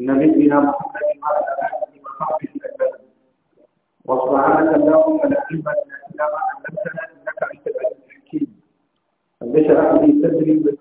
نبينا محمد وعلى آله وصحبه أجمعين وسبحانك اللهم لا علم لنا إلا ما علمتنا إنك أنت العليم الحكيم رب اشرح لي صدري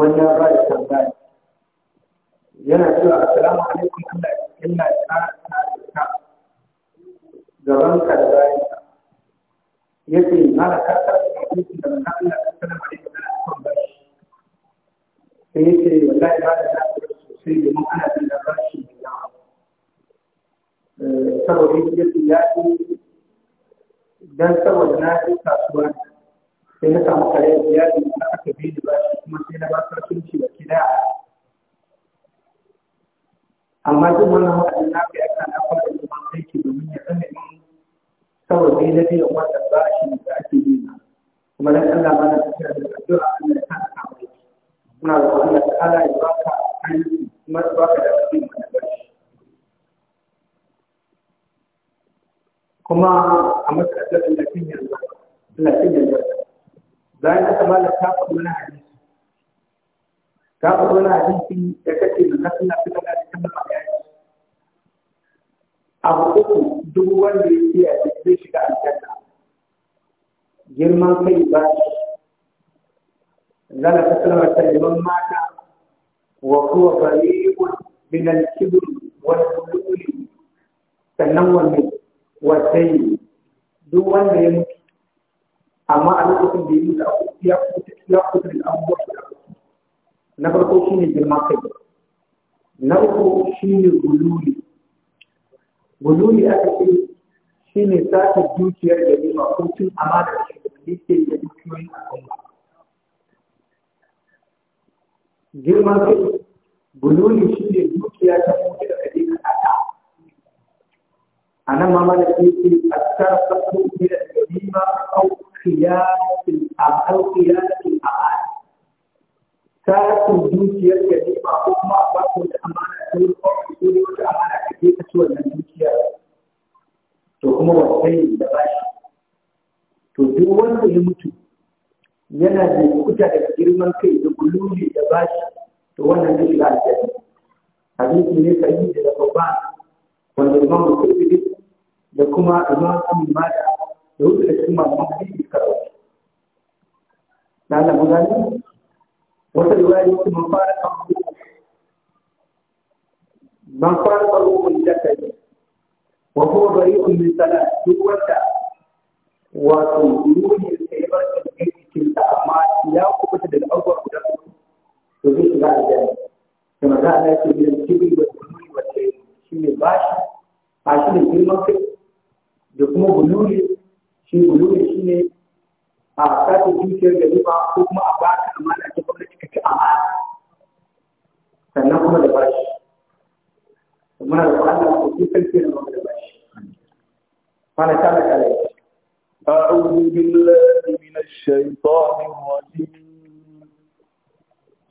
wannan ra'ayi tambaya yana cewa assalamu alaikum Allah illa ta ta gaban ka da bayan ka yace mala ka ta alaikum da manzo Allah sallallahu alaihi wasallam kan bashi sai yace wallahi ba da na sosai da mun ana da shi da yawa eh, saboda yace ya dan saboda na kasuwa sai na samu kare iyali na aka bi da bashi kuma sai na ba sarkinci da kida amma duk wannan wa'azin na kai aka na fara da man aiki domin ya zama in saboda na biyan wannan bashi da ake bi na kuma dan Allah ba na tafiya da addu'a Allah ya kana ka mai muna da Allah ta'ala ya baka aiki kuma ya baka da abin mai bashi kuma a matsayin da kin yanzu Allah kin yanzu bayan aka ba da faɗi wani hadisi ta wani hadisi da kace na fi na fita da ba bayani abu uku duk wanda ya tsaya da zai shiga aljanna girman kai ba shi zana ta sanar da liman mata wa kuwa bari'un min al-kibr wal sannan wanne wadai duk wanda ya mutu amma a lokacin da ya yi da ya kuta ya kuta da abubuwa da na farko shine girma kai na uku shine gululi gululi aka ce shine sace dukiyar da ba ko cin amana da shi da yake da dukiyoyin al'umma girma kai gululi shine dukiya ta mutu da kaje ka tsaka anan ma malaki ce asar sabu da ganima au kiyasin abau kiyasin abad tasirin dukiyar ka ne ba ko kuma ba ko da amana ko ko da wata amana ka je ka ci wannan dukiyar to kuma wannan da bashi to duk wanda ya mutu yana da kuta da girman kai da gululi da bashi to wannan zai shiga aljanna hadisi ne sahihi da babba wanda imam Bukhari da kuma imam Ahmad da wasu da cikin malaman hadisi suka rawaito na Allah mun gani wata riwaya ce mun fara kan man fara tsaro mun dakari wa huwa bari'un min salat duk wanda wato ruhi da ya bar cikin ta amma ya kubuta daga abubuwa guda to zai shiga aljanna kuma za a dace da kibir da kulli shi ne bashi bashi ne girman kai da kuma buluri shi gulumi shi ne a sace dukiyar da riba ko kuma a baka amana ta gwamnati ka ci amana sannan kuma da bashi muna da Allah ko duk sarki da maka da bashi fara ta da kare أعوذ بالله من الشيطان الرجيم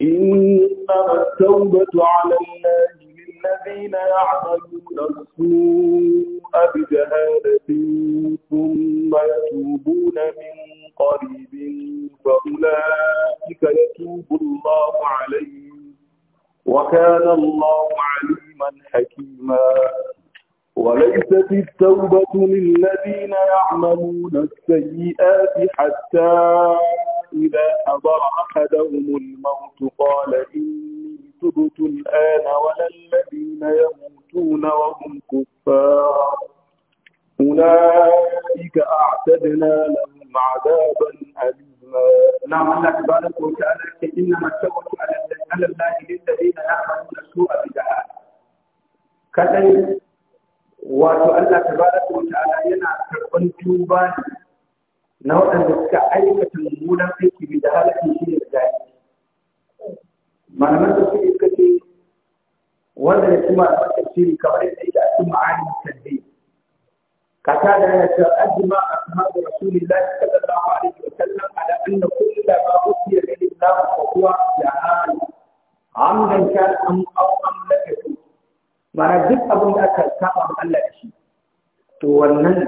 إنما التوبة على الله للذين يعملون السوء بجهالة ثم يتوبون من قريب فأولئك يتوب الله عليهم وكان الله عليما حكيما وليست التوبة للذين يعملون السيئات حتى إذا حضر أحدهم الموت قال إني تبت الآن ولا الذين يموتون وهم كفار أولئك أعتدنا لهم عذابا أليما نعم الله تبارك وتعالى إنما التوبة على الله للذين يعملون السوء بجهالة كذلك wato Allah tabaraka wa ta'ala yana karban tuba na waɗanda suka aikata mummunan aiki bi da halakin shi ne da jahili malaman da suke suka wanda ya kuma malaman tafsiri kamar yadda yake a cikin ma'ani فكان يتأجمع أصحاب رسول الله صلى الله عليه وسلم على أن كل ما أوتي به الله فهو يعاني عمدا كان أم أو أملكته ma'ana duk abin da aka saba ma Allah da shi to wannan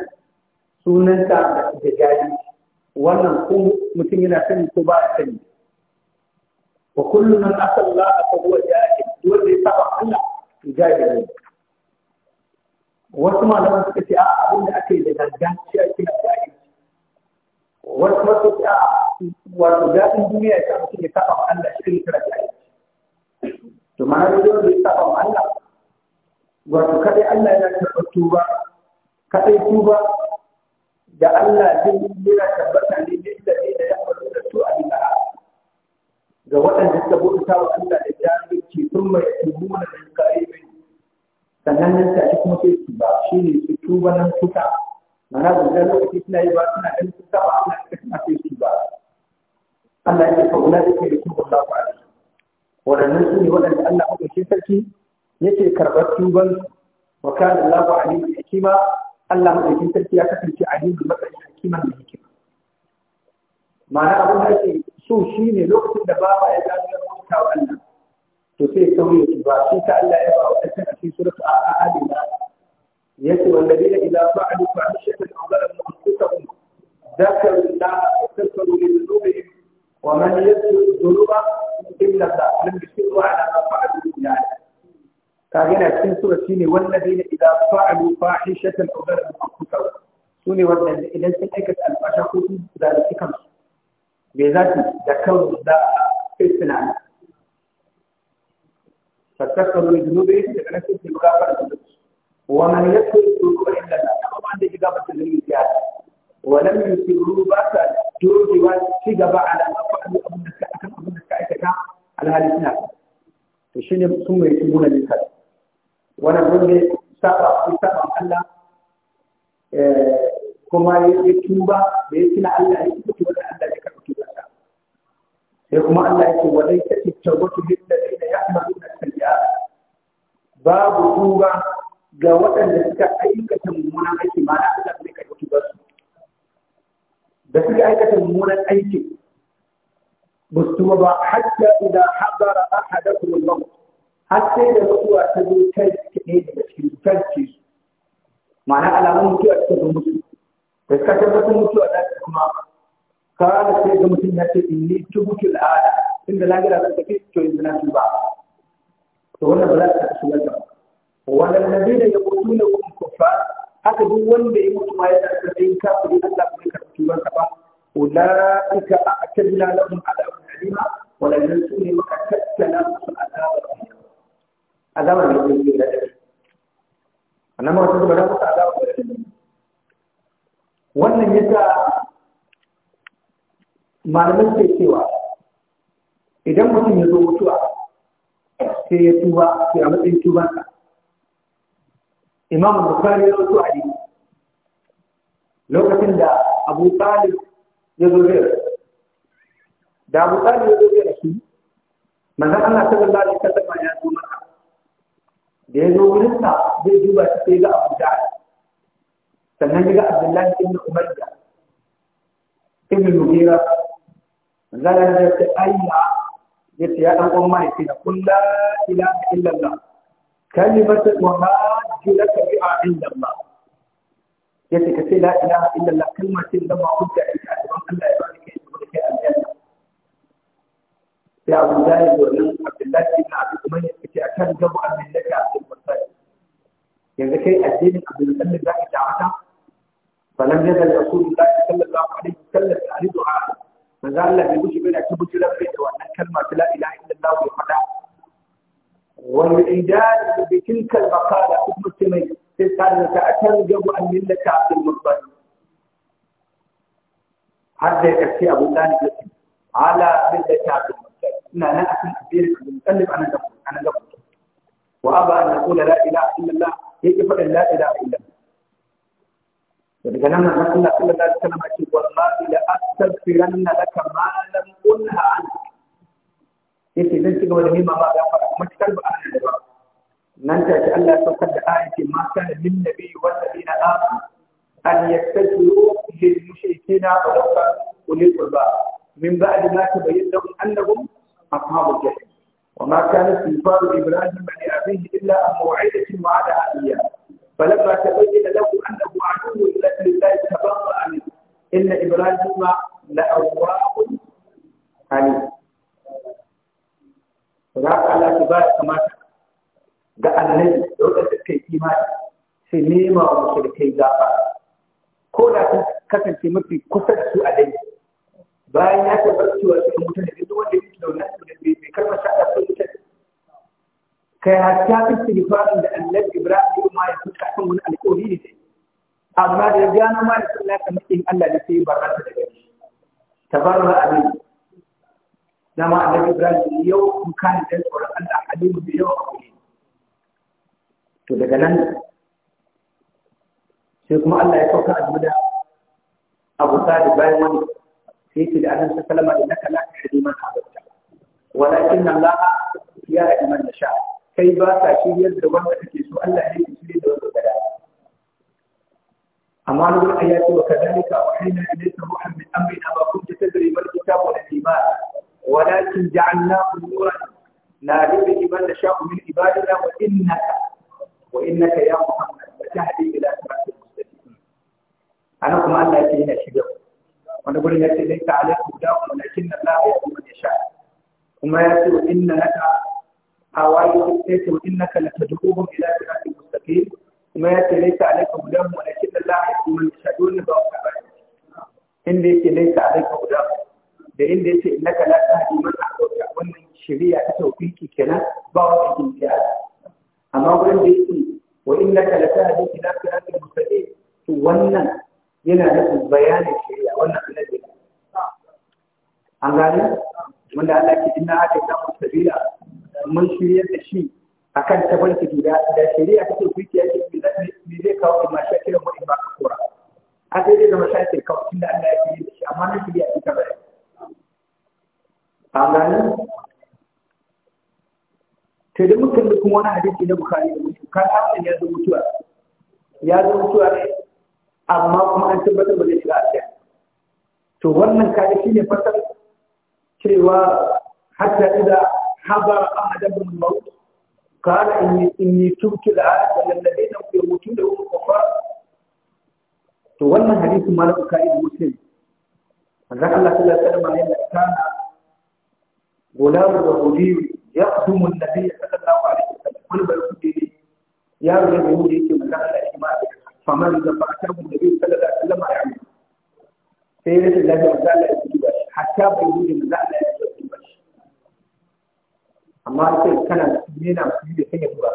sunanta da jari wannan ko mutum yana sani ko ba a sani wa kullu man asalla fa huwa jahil wanda ya Allah wasu suka ce a wani kuma sai ce a wato daɗin duniya ya sa mutum ya saba ma Allah shi ne kira jahilci to ma har yau da ya saba ma Allah wato kaɗai Allah yana karɓar tuba kadai tuba da Allah zai yana tabbata ne da da da ya faru da su a bila ga waɗanda suka bauta wa Allah da jahilci sun mai tubuna da mai? sannan nan tashi kuma sai su ba shi ne su tuba nan kusa mana gudanar lokaci suna yi ba suna ɗan kusa ba suna ake su ba Allah ya ce fa ulai ke da tuba Allah ku alaihi wadannan su ne wadanda Allah Ya ce sarki yake karɓar tuban wa kana Allah alimin hakima Allah madaukin sarki ya kasance a alimin matsayin hakiman da hikima ma'ana abin da ake so shi ne lokacin da baba ya gano ya bauta wa Allah to sai sauye shi ba shi ta Allah ya ba wa ɗan a cikin suratu a alima a wallazina idza fa'alu fa'ishatan aw zalamu anfusahum ذكروا الله واستغفروا لذنوبهم ومن يذكر الذنوب إلا الله لم يصروا على ما فعلوا يعني كاجنا cikin sura shine wallazina idza fa'alu fahishatan aw zalamu anfusahum sune wannan idan sun aikata alfasha ko sun zalunci kansu bai za su da kansu da kai tunani fatakkaru dhunubi daga nan sai su gafara da ولم يسروا باسا دوجي واسي gaba على ما فعلوا abin da suka akan abin da suka aikata alhali suna sun mai tuna ne kai wannan wanda saba ko Allah kuma ya tuba da ya tuna Allah ya tuba da Allah ya karɓi tuba sa kuma Allah ya ce walai ta tawbatu lil ladina ya'maluna sayyi'at babu tuba ga waɗanda suka aikata mummunan aiki ma da Allah bai karɓi tuba su da suka aikata mummunan aiki ba su ba hatta idan habara hada al-maut har sai da mutuwa ta zo kai ne daga cikin kanci su ma'ana alamun mutuwa ta zo musu da suka tabbatar mutuwa da kuma kawai sai ga mutum ya ce in ni ta tubutu al'ada inda lahira zan tafi to yanzu na tuba to wannan ba za ta shiga ba wannan nabi da ya mutu na kuma kuffar haka duk wanda ya mutu ma yana da sai kafiri Allah bai karɓi tuban sa ba ulaika a'tadna lahum adabun alima wala ne maka tattala musu adabun azaba ne ko da dare annan ma wasu ba da musu azaba da dare wannan yasa malamin ke cewa idan mutum ya zo mutuwa sai ya tuba sai a matsayin tubansa imam bukari ya rasu ali lokacin da abu talib ya zo zai da abu talib ya zo zai rasu manzan allah sallallahu alaihi wasallam ya zo maka da ya zo wurin wurinsa zai duba shi sai ga abu jahal sannan ya ga abdullahi ibn umar da ibn mugira manzan da ta ce ayya ya ce ya dan uwan mahaifi na kullu ilaha illallah kalimatu wa ma لك بها عند الله يتي كتي لا إله إلا الله كلمة لما قلت إلى أدوان الله يبارك يسبرك الجنة يا أبو زايد ولن عبد الله بن عبد أمية كتي أكان جمع من لك عبد المطلب يعني كي الدين عبد المطلب ذاك دعانا فلم يزل رسول الله صلى الله عليه وسلم يعرضها ما زال لم يجوز بين كتب جلبه لا إله إلا الله وحده والعداد بتلك المقالة ابن التميم تسأل تأتنجب أن ملة عبد المطلب حتى يكفي أبو طالب يقول على ملة عبد المطلب أنا نأتي كبير عبد المطلب أنا لفظ أنا وأبى أن نقول لا إله إلا الله يجب أن لا إله إلا الله فبكلامنا رسول الله صلى الله عليه وسلم يقول والله لأستغفرن لك ما لم أنهى عنك yake zan ci gaba da nema ba da fara matakar ba ana da ba nan ta ce Allah ya saukar da ayatin ma kana lin nabi wal ladina amanu an yastajibu lil mushrikina wa law kanu ulil qurba min ba'di ma tabayyana lahum annahum ashabul jahim وما كان استغفار ابراهيم لابيه الا عن موعده وعدها اياه فلما تبين له انه عدو لله تبرأ منه ان ابراهيم لأواب حليم za ka Allah ki ba ya kamata ga annabi da waɗanda suka yi imani sai nema wa mushrikai gafa ko da sun kasance mafi kusa da su a dai bayan ya tabbatar cewa cikin mutane duk wanda ya mutu da wannan su da bai karɓar shaɗa sun mutane kai hatta istighfarin da annabi Ibrahim ma ya fuska kan wani alƙawari ne sai amma da ya gano ma da sallah kamar in Allah ne sai barata daga shi tabarra abin dama annabi ibrahim yau kun kan da tsoron Allah halimu da yau a kuri to daga nan sai kuma Allah ya sauka a da abu da bayan wani sai ce da annabi sallama da naka la tahdi man ahbabta walakin Allah ya yi man sha. kai ba ka shiryar da wanda kake so Allah ya yi shirye da wanda kada amma wani ayati wa kadhalika wa hina ilayka ruhan min amrina ma kunta tadri mal kitab wal iman ولكن جعلناه نورا نهدي به من نشاء من عبادنا وانك وانك يا محمد لتهدي الى صراط المستقيم انا كما الله يكي هنا شيغا وانا gurin yace dai ta alaikum da kuma lakin Allah ya kuma ya sha kuma yace inna laka awai yace innaka latad'uhum ila siratil mustaqim kuma yace laita alaikum da kuma lakin Allah ya kuma dole ba ba inda da inda yace innaka la tahdi man ahbabta wannan shari'a ta tawfiki kenan ba wani kintiya amma gurin da yake wa innaka la tahdi ila siratin mustaqim to wannan yana nufin bayanin shari'a wannan annabi an gane wanda Allah ke inna aka samu sabila mun shirya da shi akan tabbaci guda da shari'a take kuke yake me zai kawo ma shakira mu in ba ka kora a sai dai zama shakir kawai tunda Allah ya yi shi amma na shirya ita an gane to da muka da kuma wani hadisi na bukari da mutum kan hakan ya zo mutuwa ya zo ne amma kuma an tabbatar ba zai shiga aljanna to wannan shi ne fasar cewa hatta idan habara ahadan min maut da inni inni tubtu al'an wal mutu da hum kufar to wannan hadisi malik kai muslim annabi Allah sallallahu alaihi wasallam yana kana غلام يهودي يخدم النبي صلى الله عليه وسلم كل بالكتير يا رب يهودي يجي من داخل الإمام فمن إذا فأتاه النبي صلى الله عليه وسلم يعني سيرة الله تعالى يجيبش حتى بيهودي من داخل يجيبش amma sai kana nena musulmi da sanya zuwa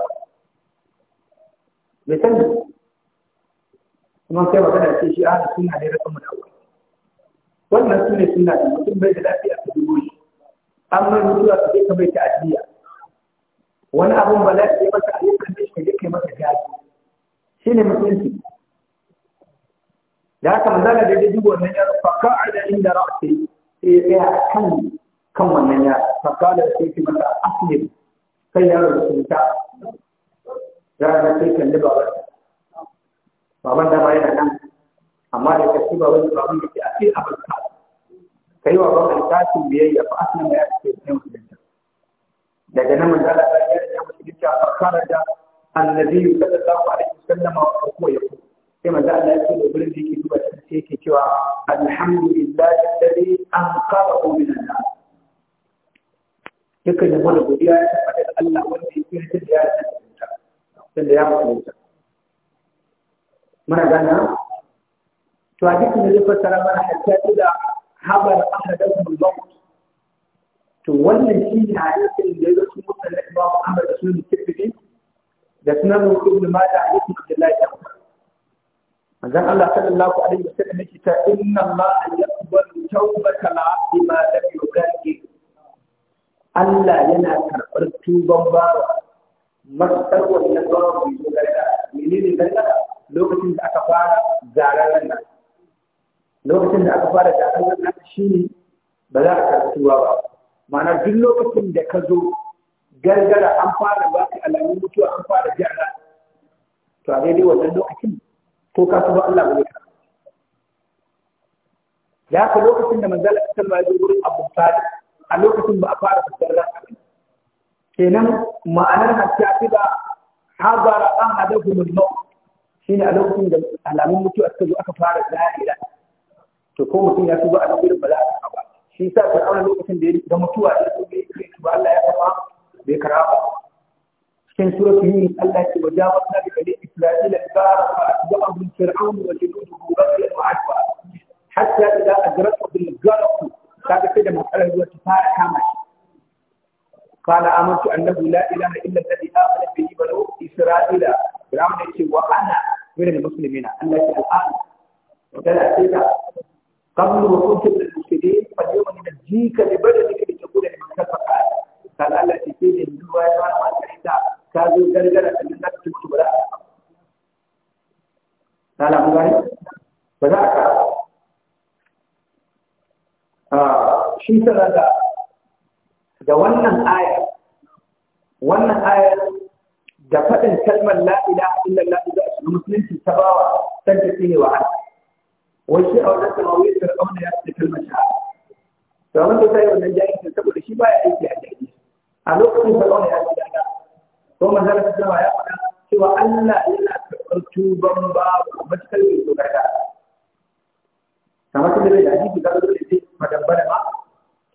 bai sani kuma sai magana ce shi ana suna ne rasa mu da wannan sune suna da mutum bai da an mutuwa ka je ka bai ta ajiya wani abun ba za ka je masa ayyukan da shi ka masa gaji shi ne mutunci da haka manzana da ya jibo wannan yaro fakka a da inda ra'asi sai ya tsaya a kan kan wannan yaro fakka da sai ki masa aslim sai yaro da sunta ranar sai kalli baban baban da ba yana nan amma da kasi baban da baban da ke a abin kai wa baka littafin biyayya fa aslama ya ce sai musulunta daga nan manzo Allah ya ce ya musulunta fa kharaja annabi sallallahu alaihi wasallam wa huwa yaqul sai manzo Allah ya ce da gurin da yake duba sai yake cewa alhamdulillahi alladhi anqadahu min an-nar dukkan yabo da godiya ya tabbata da Allah wanda ya tsira da ya tsira tunda ya musulunta muna gana to a dukkan da zai fassara mana hatta ila habar ahadakum al-maut to wannan shi ne hadisin da ya zo mutane Imam Ahmad da Sunan Tirmidhi da Sunan Ibn Majah da Ibn Abdullah da Manzon Allah sallallahu alaihi wasallam yake ta inna Allah yaqbalu tawbatal 'abdi ma lam yughayyi Allah yana karɓar tuban bawa matsar wannan bawa bai zo ne menene gargara lokacin da aka fara zararen nan lokacin da aka fara da na shi ne ba za a karɓi tuwa ba ma'ana duk lokacin da ka zo gargara an fara ba ka alamun mutuwa an fara jara to a daidai wannan lokacin ko ka tuba Allah ba zai Ya da lokacin da manzala ta sallama ya wurin abun Talib a lokacin ba a fara fitar rana kenan ma'anar hatta fi da hazara ahadakum al Shi shine a lokacin da alamun mutuwa suka zo aka fara zahira to ko mutum ya tuba a cikin ba za a ba shi sa ka tsawon lokacin da ya da mutuwa ya tuba ya tuba Allah ya tafa bai kara ba cikin suratu yi Allah ya ce wa jama'a na da kare Isra'il da ba a ga abin fir'aun da ke tuba ko ba ya tuba a ba har ya ga ajrat bil ghalq ka ga sai da matsalar zuwa ta fara kama shi kana amintu annahu la ilaha illa alladhi amana bihi wa law Isra'il da ramai ce wa ana wurin musulmina Allah ya da ta kana sai قبل وصولك من المسلمين فاليوم ننجيك لبلدك لتكون من كفاك قال الله تسيني من دوائر ما تحتا كازو جلجل في الناس تبتو بلا قال أبو غاني فذاك آه، شي سنة ده ونن آية ونن آية ده فتن كلمة لا إله إلا الله إذا أسلم مسلم في سباوة تنجسيه وعنه wasu a wajen samawai fir'auna ya ce kalmar shahada to amma da sai wannan jahilci saboda shi ba ya aiki a jahilci a lokacin fir'auna ya ce da ko manzara ta cewa ya faɗa cewa Allah yana karɓar tuban ba babu matakar bai so karka kamar tunda bai da hadisi ka zo da shi magabara ma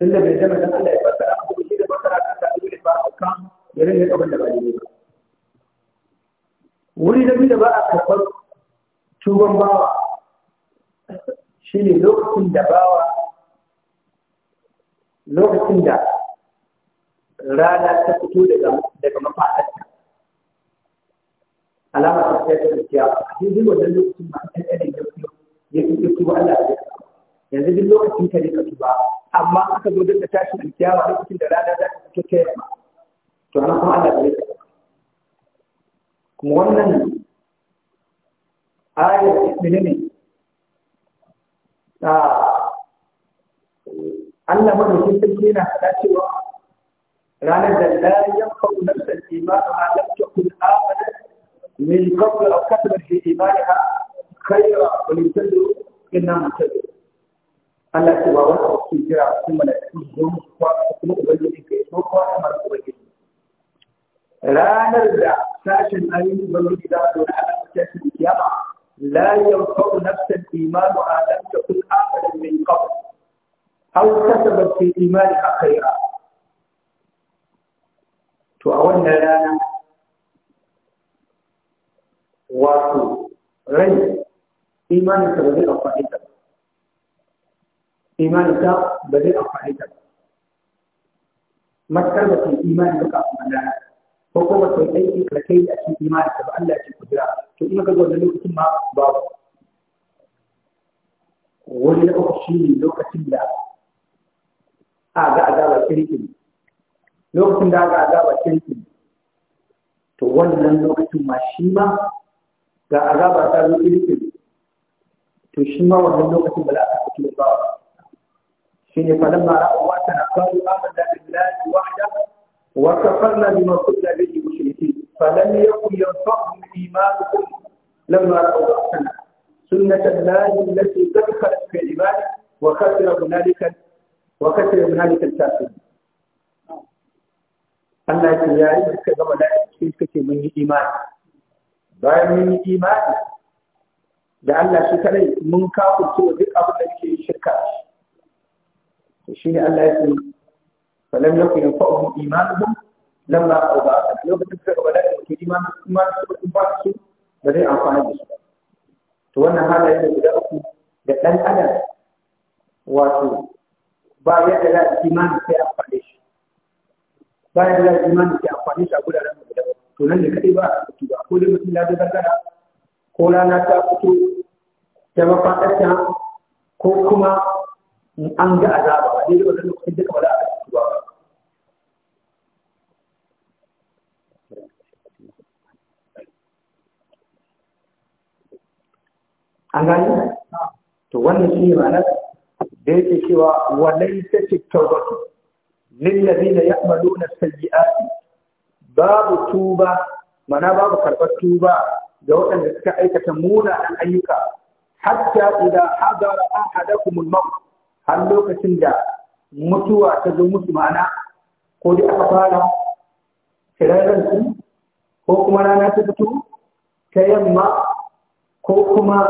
tun da bai da manzon Allah ya fassara ko shi da fassara ka ta dole ba hauka ya rinka kaban da ba ne ba wuri na biyu da ba a karɓar tuban bawa shi ne lokacin da bawa lokacin da rana ta fito daga mafaɗarta alama ta fiye da gaskiya a cikin wannan lokacin masu ɗan ɗan ɗan fito ya fito ko Allah ya yanzu duk lokacin ka ne ka tuba amma aka zo duk da tashin alkiyama lokacin da rana za ta fito ta yamma to an kuma Allah bai ka kuma wannan ayar ne ne Allah madaukin sarki yana faɗa cewa ranar da la yanfa'u nafsan imanuha lam takun amanat min qabl aw kasabat fi imaniha khayra wa lam tadru inna mutadru Allah ce ba wani abu jira sun malaiku zo kuwa kuma ubangiji kai so kuwa kamar ubangiji ranar da sashen ayyukan ubangiji za su da alaƙa cikin kiyama لا ينفع نفس الإيمان لم تكن أحدا من قبل أو كسبت في إيمانها خيرا تعودنا لنا واتو غير إيمان تبدل أفعيدا إيمان تبدل أفعيدا ما تربت الإيمان لك أفعيدا حكومة الأيك لكي يأتي إيمان تبعلا في قدرات to in ka gwada lokacin ma babu wani na uku shi ne lokacin da a ga azaba kirkin lokacin da ga azaba kirkin to wannan lokacin ma shi ma ga azaba ta zo kirkin to shi ma wannan lokacin ba za a fito ba shi ne ma falamma ra'a wa tana da amanna billahi wahda wa kafarna bima kunna bihi فلم يكن ينفعهم إيمانكم لما رأوا بأسنا سنة الله التي دخلت في عباده وخسر هنالك وخسر هنالك الكافرين Allah ce ya yi suka gama da sai suka ce mun yi imani bayan mun yi imani da Allah shi kadai mun kafurce wa duk abin da yake shirka to Allah ya ce falam yakun yanfa'uhum imanuhum Nan ba a ba a lokacin da gaba da ke ji ma kuma su ba su ba zai amfana da su to wannan halaye da guda uku da ɗan adam wato ba yadda za a imani sai amfani shi ba yadda za a imani sai amfani shi a gudanar da guda to nan da kaɗai ba a fito ba ko dai mutum ya zo gargara ko rana ta fito ta mafaɗa ta, ko kuma an ga azaba ba dai da wannan lokacin duka ba za a an gani to wannan shi ne ma'anar da yake cewa walai ta tattaubatu lillazina ya'maluna sayi'ati babu tuba mana babu karɓar tuba ga waɗanda suka aikata da ayyuka hatta idan an haɗa al-maut har lokacin da mutuwa ta zo musu ma'ana ko dai aka fara kiran su ko kuma rana ta fito ta yamma ko kuma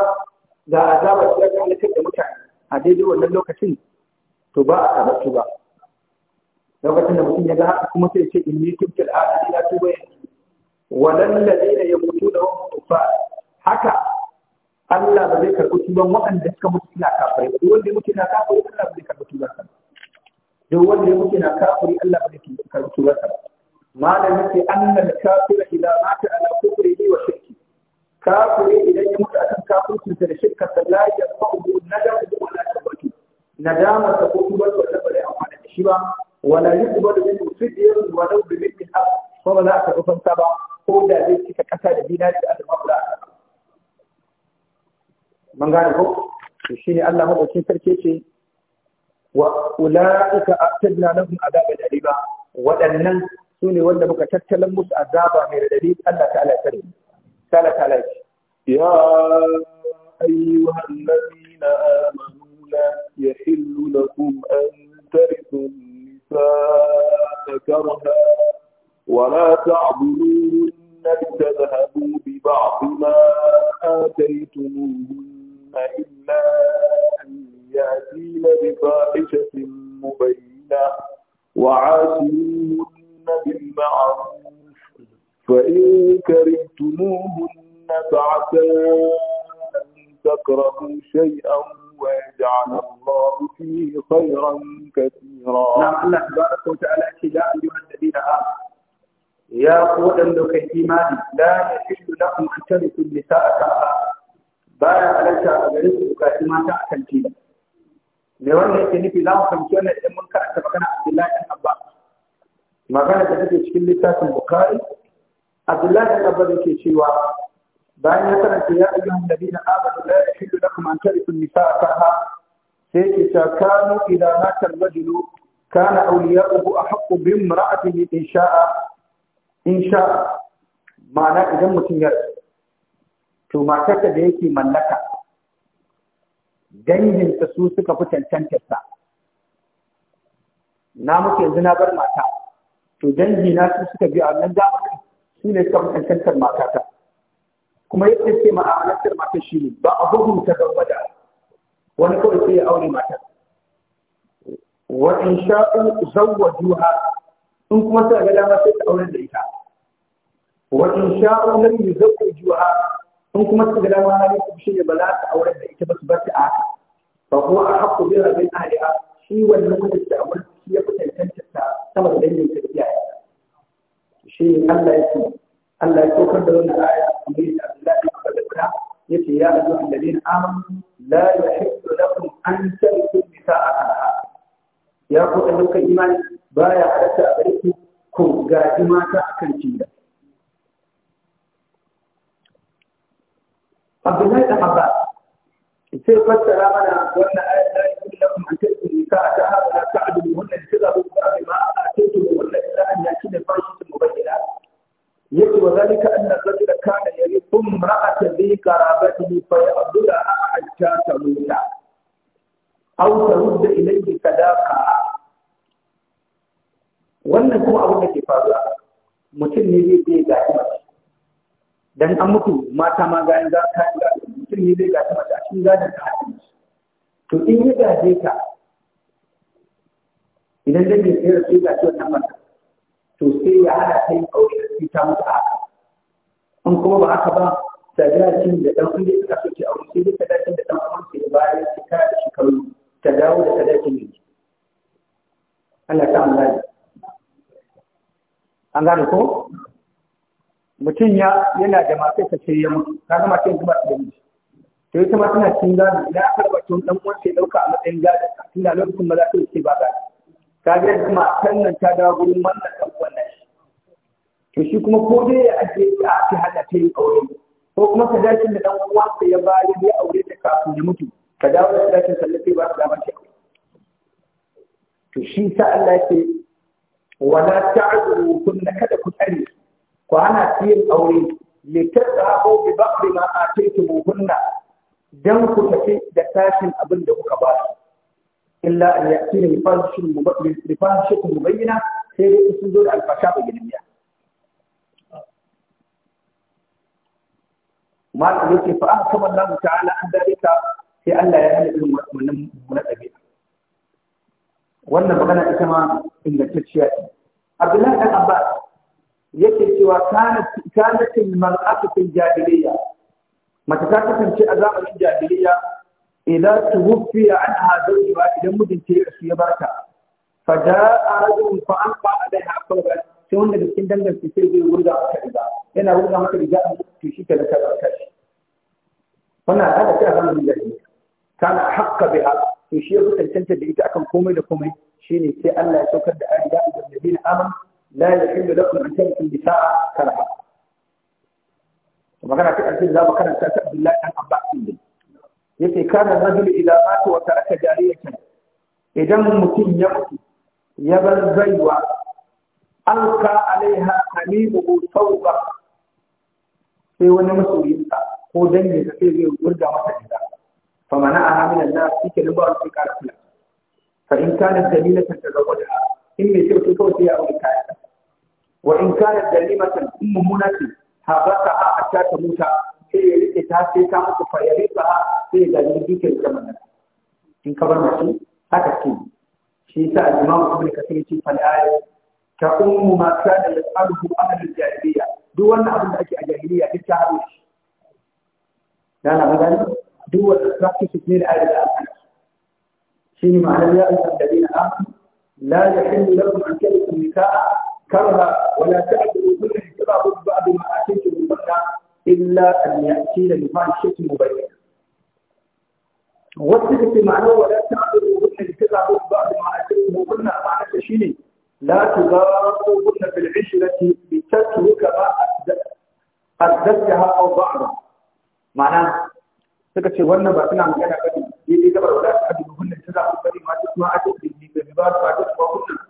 da azaba ta halakar da mutane a daidai wannan lokacin to ba a karatu ba lokacin da mutum ya ga haka kuma sai ce in yi inni tubtul aali la tuba ya mutu da wa kufa haka Allah ba zai karɓi tuban waɗanda suka mutu suna kafirai ba wanda ya mutu na kafirai Allah ba zai karɓi tuban sa duk wanda ya mutu na kafirai Allah ba zai karɓi tuban sa malamin sai annal kafira idan mata ala kufrihi wa shirki kafiri idan ya mutu akan kafircinsa da shirkarsa la ya fa'udu nadamu wa la tabatu nadama ta ko kuma ta ba da amfani da shi ba wala da minhu fidyatun wa law bi mithli al ko ba za ka kufan ta ba ko da zai cika kasa da dinari da azaba ba man gane ko to shine Allah madaukakin sarki ce wa ulaika a'tadna lahum adaban dariba waɗannan sune wanda muka tattalin musu azaba mai radadi Allah ta'ala ya kare mu سالت عليك يا أيها الذين آمنوا لا يحل لكم أن ترثوا النساء كرها ولا تعبدون لتذهبوا ببعض ما آتيتموهن إلا أن يأتين بفاحشة مبينة وعاشروهن بالمعروف فإن كرهتموهن فعسى أن تكرهوا شيئا ويجعل الله فيه خيرا كثيرا. نعم الله تبارك وتعالى يا أيها الذين آمنوا يا قوة لك إيمان لا يحل لكم أن ترثوا النساء كافة بايا عليك أغرسك كما تأكل فيها. me wannan في nufi za mu منكر wannan عبد الله بن عباس. ما ibn Abbas magana da take cikin abdullahi da abba da ke cewa bayan ya karanta ya ayyuhan ladina amanu la yahillu lakum an tarithu nisaa farha, sai ke ta kanu idza mata ar-rajulu kana awliya'uhu ahaqqu bi imra'atihi in sha'a in sha'a ma'ana idan mutum ya to matarsa da yake mallaka danginsa su suka fi sa, na muke yanzu na bar mata to dangi na su suka bi a wannan zamanin su ne suka cancantar matata kuma yadda ce ma a halattar matar shi ne ba a bugun ta gaba wani kawai sai ya aure matar wa in sha'u zawwajuha in kuma ta ga dama sai ta aure da ita wa in sha'u lam yuzawwijuha in kuma ta ga dama hali ku shi ne ba za ta aure da ita ba su bar ta a fa huwa ahqqu biha min ahliha shi wannan mutum da abin shi ya fi tantance ta sama da dangin ta iyaye shi ne Allah ya ce Allah ya saukar da wannan aya kamar yadda Allah ya faɗa yace ya ayyuhal ladina amanu la yahillu lakum an tarku nisa'a anha ya ku da dukkan imani baya halatta a gare ku ko gaji mata akan cinda Abdullahi da Abba sai fassara mana wannan ayat la yahillu lakum an tarku nisa'a anha wa la ta'dulu hunna bi ma a'taytum hunna illa an yakuna fahishatan yake wa zalika anna rajula kana yariqu imra'ata bi qarabatihi fa ya'dula hatta tamuta aw tarudda ilayhi sadaqa wannan kuma abin da ke faruwa mutum ne zai je ga mace dan an mutu mata ma ga za ka ga mutum ne zai ga mace a cikin gadon ta to in ya gaje ka idan dai ne sai ya ga wannan mace to على ya أو ta yin aure أنكم بعقبة سجاتين لتنقل haka أو kuma سجاتين لتنقل في sadakin da ɗan تداول سجاتين so ki aure sai dai sadakin da ɗan uwan ke bayan cika da shekaru ta dawo da sadakin yanki Allah ta an gane an gane ko mutum ya yana da masu sai ya mutu kaga masu yanzu ba su da miji to ita ma tana cin gado idan aka tun dan uwan sai dauka a matsayin gado tunda lokacin ba za ta yi ba gado kaga yanzu kuma kan nan ta dawo gurin wannan to shi kuma ko dai ya ajiye a ake hada ta yin aure ko kuma sadakin da dan uwansa ya bayar ya aure ta kafin ya mutu ka dawo da sadakin sai ba da mace ta to shi sa Allah ke wala ta'dhu kunna kada ku tsare ku hana yin aure litadhabu bi ba'd ma kunna dan ku tafi da tashin abin da kuka ba illa an ya'tina fashin mubayyana sai dai su zo da alfasha bayyana malam yake fa aka kama Allah ta'ala an dalika sai Allah ya hana irin wannan mummunan ɗabi'a wannan magana ita ma ingantacciya ce Abdullahi dan Abbas yake cewa kanat kanat al-mar'atu fil jahiliyya mata ta kasance a zamanin jahiliyya idan tuwfiya anha zawjiha idan mijinta ya rasu ya bata fa da'a rajulun fa anqa alaiha qawlan sai wanda cikin dangan sai zai wurga mata riga yana wurga mata riga to shi ke ka ɗauka shi wannan al'ada ta zama da jahiliya kana hakka biha to shi ya fi cancanta da ita akan komai da komai shine sai Allah ya saukar da ayat da alladina amanu la yahillu lakum an tankihu nisaa karaha magana ta ƙarshe za mu karanta ta Abdullahi dan Abbas din yace kana rajul idan mata wa taraka jariyatan idan mutum ya mutu ya bar baiwa alka alaiha halimuhu sai wani masoyinsa ko dangin sa sai zai wurga masa gida fa mana aha min Allah yake nan ba wani kara kula fa in kana dalila ta tazawwaja in mai kyau sai kawai sai ya aure kaya wa in kana dalila ta ummu munati habaka a hatta ta muta sai ya rike ta sai ta muku fa ya rika sai ya ni dike da mana in ka bar mutum haka ce shi yasa al-imam ibn kathir ya ce fa al-ayat ta ummu ma kana yas'aluhu ahli al-jahiliyyah duk wannan abin da ake a jahiliya duk ta haɗe shi da na magani duk wani practices ne da ake da alƙali shi ne ma'anar ya ayyuka da dina amu la ya hillu lakum an talikum nika'a karha wa la ta'budu kullu ittiba'u ba'd ma atikum min ba'da illa an ya'tiya bi fahishatin mubayyana wacce take ma'anar wa la ta'budu kullu ittiba'u ba'd ma atikum min ba'da ma'anar shi ne لا تضاروهن في العشرة بتترك ما أدتها أو بعضها معناه suka ce wannan ba suna magana ba ne daidai gabar wala ta ajiye hunnan ta zaɓi bari ma ta kuma ajiye ɗin da bi ba su ajiye kuma hunnan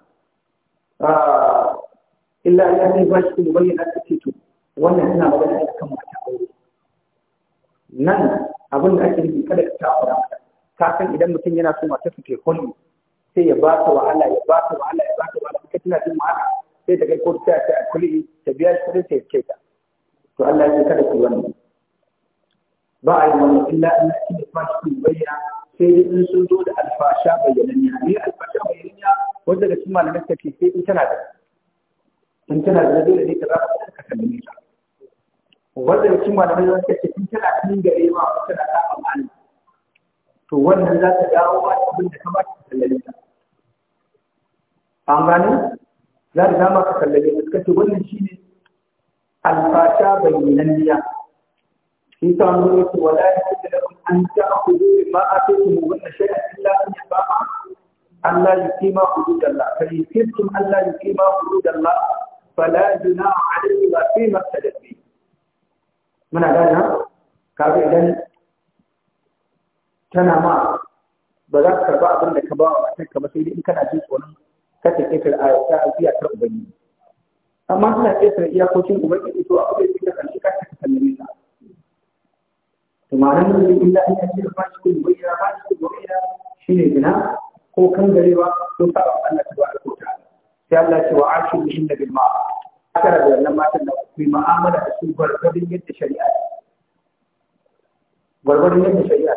illa ne ba shi kuma bayyana ta ce wannan suna magana a kan mata aure nan abin da ake nufi kada ka takura mata ka san idan mutum yana so mata su ke hulmi sai ya ba ta wahala ya ba ta wahala ya ba ta wahala kina jin ma sai ta kai ko ta ta kuli ta biya shi kudin sai ta ta to Allah ya kada ku wannan ba a yi wani illa an ci da fashi bayyana sai dai in sun zo da alfasha bayyananniya ne alfasha bayyananniya wanda daga cikin malamai ta ke sai in tana da in tana da dole ne ka za ka kalle ta wanda daga cikin malamai za ta ce in tana da cikin gare ma tana ta amana to wannan za ta dawo ba abin da ka ba ta kalle ta Amma za da dama ka kallabe da suka ce wannan shi ne alfasha bayyananniya shi ta nuna yake wala ya ce da kuma an ta aku zuwa ba a ce kuma wannan shari'a illa an yi ba a Allah ya kima hudud Allah fa yaktum Allah ya kima hudud Allah fala junaha alayhi wa fi maktadabi muna gane kaga idan tana ma ba za ka karba abin da ka ba wa matarka ba sai dai in kana jin tsoron kata ƙetar a ta aziya ta ubangiji amma suna ƙetar iyakokin ubangiji to abu da yake karshe ka ta sallame ta to ma'anar da inda an yi ba shi ko bayyana shi ko bayyana ne gina ko kan gare garewa ko ba Allah ta baraka kota sai Allah ce wa ashu bi inda bil ma'a akara da wannan matan da kuma ma'amala da su gargadin yadda shari'a gargadin yadda shari'a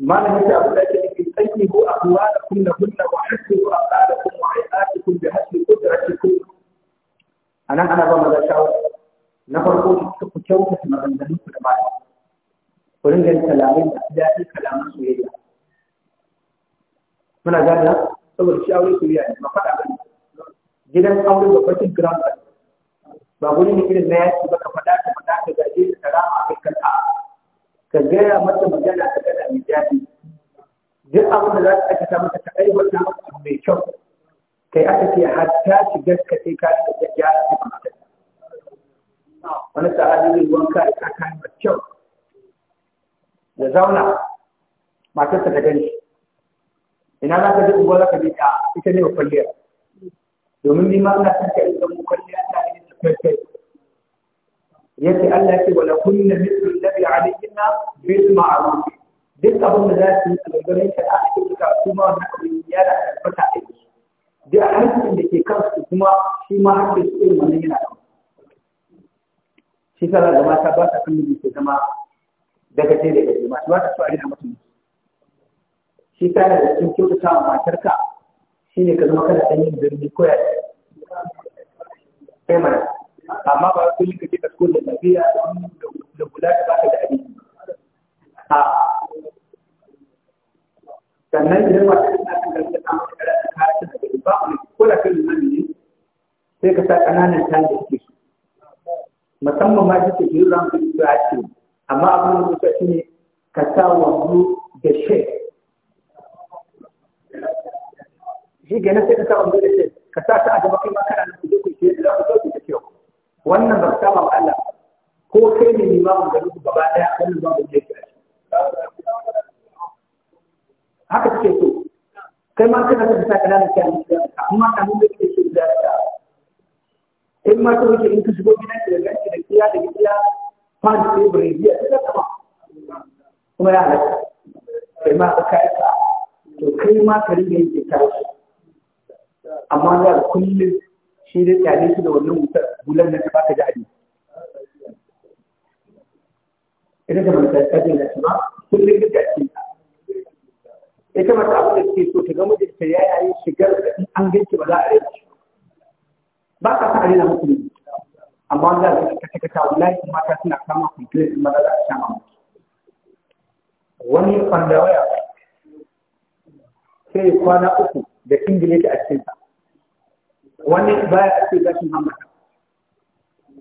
malamin ta abu da ke أجلبوا أقوالكم لهن وحسروا أقوالكم وحياتكم بحسر قدرتكم أنا أنا ظلم ذا شعور نظر قوة تقوة كما عندهم كل ما يقول قلن جل كلامين أحداثي كلام رسول الله من أجل الله تقول شعور سوريا ما قد أبنى جدا قولي وقتل كرام قد بقولي نكيل الناس بقى فداك فداك بأجيل كلام أحكي كالآخر كالجيرة مجمع جلالة كلام جاتي duk abin da za ka aikata masa ta aiwata masa mai kyau yi aka ce hatta shigar ka sai ka da gyara sifan ka wani sa'adu zai wanka da ka kayan mai kyau ya zauna matarsa ta gani ina za ka ji unguwa za ka bi ta ita ne kwalliya domin ni ma ina son ka yi mu kwalliya ta ne ta kai ce Allah ya ce wala kunna mithlu alladhi alayhinna bil ma'ruf duk abin da za su yi a gangamin shari'a a cikin su ma wannan abin ya da tabbata a yi duk hakkin da ke kansu kuma shi ma hakkin su irin wannan yana da shi sa da mata ba ta kan mijin ke zama daga ce daga ce masu ba ta so a rina mutum shi sa da cikin kyautata wa ka shi ne ka zama kana ɗan yin birni ko ya kai mana amma ba kullum ka je ka da lafiya da hula da baka da abinci a sannan idan ba ta kan da ta samu da karatun ta da ba mu ko da kan nan ne sai ka sa ƙananan tan da ke su musamman ma take yi ran su ta ce amma abin da shi ne ka sa wanzu da shi. shi ke sai ka sa wanzu da shi? ka sa ta a gaba kai ma kana su ku je ku ce da su zo ku wannan ba ta ma Allah ko kai ne mu da ku gaba daya wannan ba mu je ka haka suke so kai ma kana son sa da amma ta mun da da ka in ma to kike in gidan ki da ganki da kiya da kiya fa da ke da kuma ya kai ma ka ka to kai ma ka amma shi da wannan bulan da ka idan ka ta ba da ita mata abin da suke so ta ga mijinta ya yi shigar da in an ganke ba za a rage ba ka sa rena mutum amma za ka ta kaka ta wallahi mata suna kama complaint din maza a shama mamaki wani kwandawaya sai kwana uku da ta a sa. wani baya a ce gashin hamata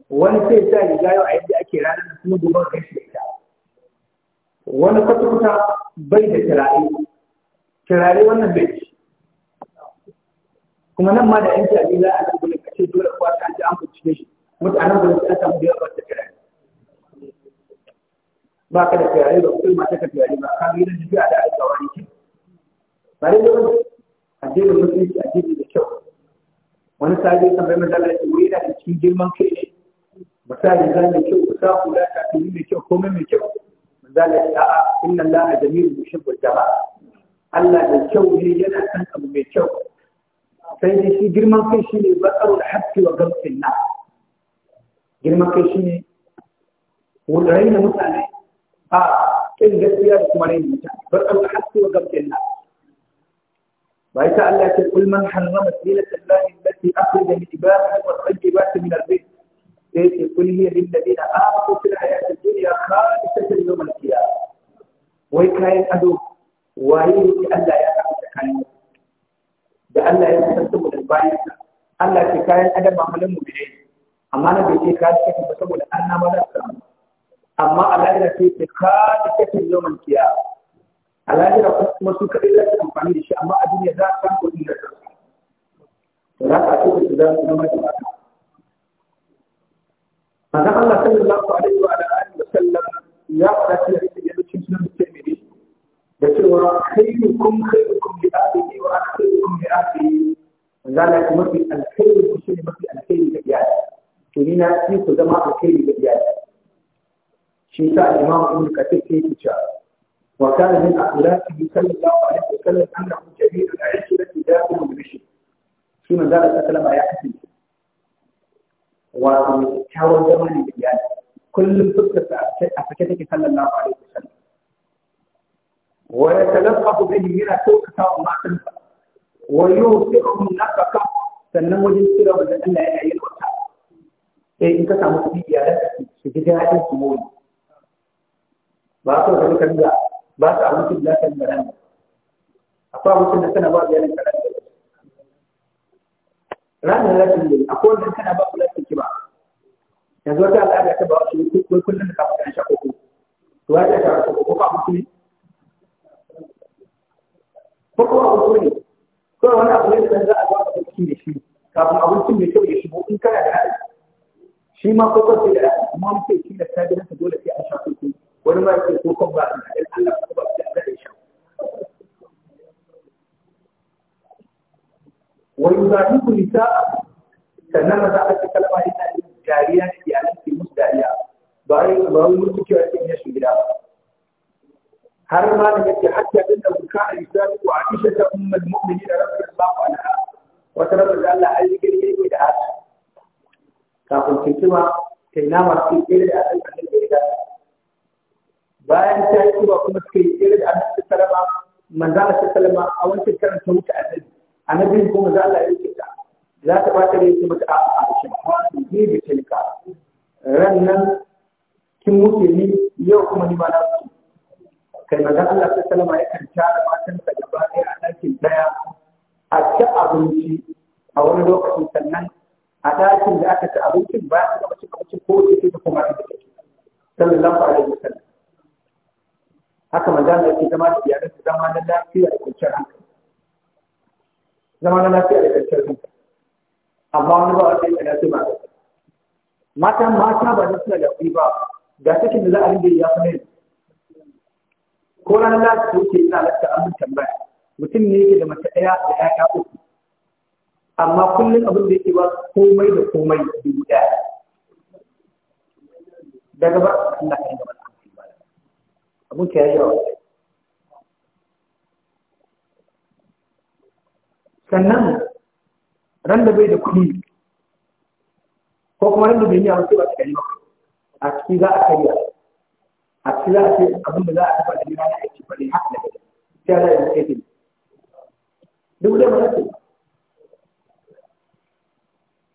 wani sai ta yi gayo a yadda ake ranar da kuma dubar ga shi da ita wani kwatukuta bai da tara'i turare wannan bai ci kuma nan ma da yan jami'i za a nan gudun kashe dole kuwa ta ji an bincike shi mutanen gudun ta samu da yawa da turare ba ka da turare ba kuma ta ka turare ba ka gidan jiki a da gawa ne, ke ba dai yawan addinin a addini da kyau wani sabi kan bai mazala ya ce wuri yana da cikin girman kai ne misali zan da kyau ku sa kula ta tuni mai kyau komai mai kyau mazala ya ce a'a inna allaha jamilu mushin jama'a الله يجوه يجنا أن أبو يجوه فإن يسي جرما كيشيني بأر الحبك وقلق النار جرما كيشيني ودعين مساني آه إن جد يا رسمارين مساني بأر الحبك وقلق النار وإذا الله يقول من حرم سبيلة الله التي أخرج من إباحة والطيبات من البيت إيه يقول هي للذين آمنوا في الحياة الدنيا خالصة يوم ويكاين أدوك waye yake Allah ya haɗa da kayan da Allah ya fitar mu da bayan Allah ke kayan adam amalin mu ne amma na bai ce ka ce ba saboda an na mala amma alaira sai ce ka ce ce yawan kiya alaira kuma su kaɗai za su amfani da shi amma a duniya za a samu kuɗi da kansu to za ka ce da su za su zama da mata manzon Allah sallallahu alaihi wa alihi wa sallam ya faɗa cewa yake da cikin sunan Tirmidhi يقول خيركم خيركم لآله وأنا خيركم لآله وذلك مثل الخير كشيء مفي الخير كبيعه تلينا في زماء الخير كبيعه شيطاء الإمام ابن كثير في الشارع وكان من أخلاقه صلى الله عليه وسلم أنه العيش التي داخل بمشي شنو ذلك سلم يا حسين وكان زمان كبيعه كل فترة أفكتك صلى الله عليه وسلم ويتلقف به من توكتا وما تنسى ويوثقهم نفقا sannan wajen tsira wajen Allah yana yin wata sai in ka samu kuɗi iyalan su ji daɗin su moyi ba su da duka nuna ba su abincin da ka nuna nan akwai abincin da kana ba iyalan ka ranar rashin akwai wanda kana ba su rashin kiba yanzu wata al'ada ta ba su kullum da kafin sha uku ya ta sha uku ko ka mutu ne ko kuma abu ne ko wani abu ne da za a ba ka ciki da shi kafin abincin mai kyau ya shigo in kana da hali shi ma ko kwanci da kuma mutum shi da ta gidan ka dole sai a sha kuku wani ma ke ko kan ba a Allah ko ba da Allah ya sha wani zaɓi ku nisa sannan maza a ce kalma yana yin dariya ke iyalan ke musu dariya ba wai mutu cewa ke yin shi gida ba har ma da yake hatta din da buka a isali wa aisha ta ummul mu'minin radiyallahu anha wata rabu da Allah gari gari yake da haka kafin kintuma kai na ma su kire da Allah da ya da bayan ta yi ba kuma suka yi kire da Allah sallama manzo Allah sallama a wancan karanta mutu annabi annabi kuma za Allah yake ta za ta bata da yake mata a shi ne bi tilka ran nan kin wuce ni yau kuma ni ba na mutu kai maza Allah ta salama ya kan tara matansa gaba ɗaya a ɗakin ɗaya a ci abinci a wani lokaci sannan a ɗakin da aka ci abincin ba su gaba cin abincin ko da ke da kuma da ke sallallahu alaihi wasallam haka maza Allah ke zama da iyalan su zama na lafiya da kwanciyar hankali zama na lafiya da kwanciyar hankali amma wani ba wanda ya lafiya ba mata mata ba da suna da ba ga cikin da za a rinda ya fi ne ko ranar za su ke ina lakta an mun tambaya mutum ne yake da mace ɗaya da ƴaƴa uku amma kullum abin da yake ba komai da komai dubu ɗaya daga ba Allah ka yi ba da abin yawa sannan ran da bai da kuɗi ko kuma ran da bai yi a wasu ba ta kari ba a ciki za a karya a ci za a ce abin da za a taɓa da gida na aiki faɗi haka da gida sai za a yi aikin duk da ba ce